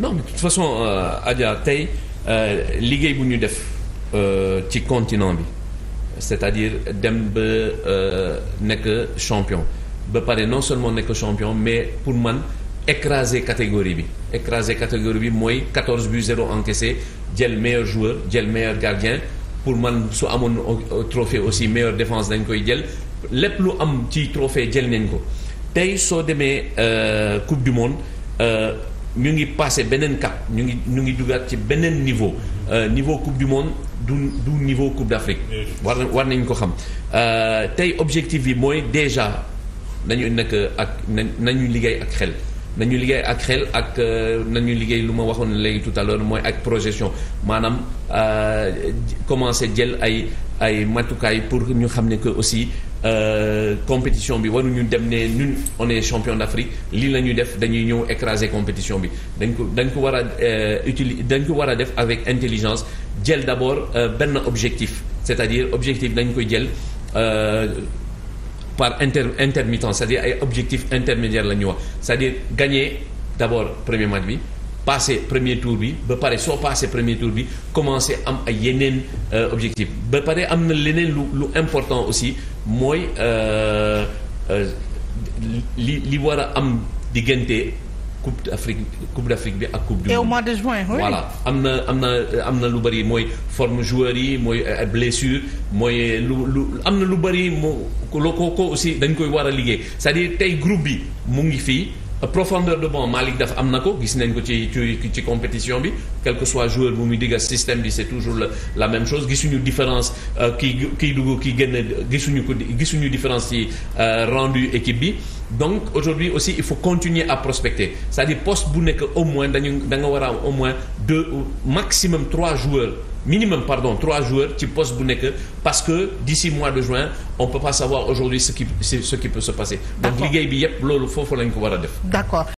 non mais de toute façon euh, Adja tey euh, liggéey bu ñu def euh, ci continent bi c'est-à-dire dem ba nekk champion ba pare non seulement nekk champion mais pour man écraser catégorie bi écraser catégorie bi mooy 14 buts 0 encaissé jël meilleur joueur jël meilleur gardien pour man su amoon trophée aussi meilleure défence dañ koy jël lépp lu am ci trophée jël nañ ko tey soo demee coupe du monde ñu ngi passé beneen cap ñu ngi ñu ngi dugaat ci beneen niveau euh, niveau coupe du monde du du niveau coupe d'Afrique war war nañ ko xam euh, tey objectif bi mooy déjà nañu nekk ak na nañu liggéey ak xel nañu liggéey ak xel ak euh, nañu liggéey lu ma waxoon léegi tout à l'heure mooy ak projection maanaam commencer jël ay ay matukaay pour ñu xam ne que aussi Euh, compétition bi waruñu dem ne ñun on est champion d'Afrique lii la ñuy def dañuy ñëw écraser compétition bi dañ ko dañ ko war a euh, utiliser dañ ko war a def avec intelligence jël d'abord euh, benn objectif c'est-à-dire objectif dañ koy jël par inter intermittent c'est-à-dire ay objectifs intermédiaires la ñuy wax c'est-à-dire gagner d'abord premier match bi passé premier tour bi ba pare soo passé premier tour bi commencé am ay yeneen euh, objectif ba pare am na leneen lu lu important aussi mooy euh, euh, li li war a am diggante coupe d'Afrique coupe d'Afrique bi ak coupe du monde. et au mois de juin oui. voilà am na am na am na lu bëri mooy forme joueurs yi mooy blessure mooy lu lu am na lu bëri moo loo ko aussi dañ koy war a liggéey c'est-à-dire tey groupe bi mu ngi fii. profondeur de bon Malick Daf am na ko gis nañ ko ci ci ci compétition bi quel que soit joueur bu muy digga système bi c'est toujours la, la même chose gisuñu différence euh, kii kii dugg kii génn gisuñu ko gisuñu différence ci euh, rendu équipe bi donc aujourd'hui aussi il faut continuer à prospecter c'est-à-dire poste bu nekk au moins dañu danga nga war a am au moins deux maximum trois joueurs minimum pardon trois joueurs ci poste bu nekk parce que d'ici mois de juin on peut pas savoir aujourd'hui ce qui ce qui peut se passer. donc liggéey bi yëpp loolu foofu lañ ko war a def. d'accord.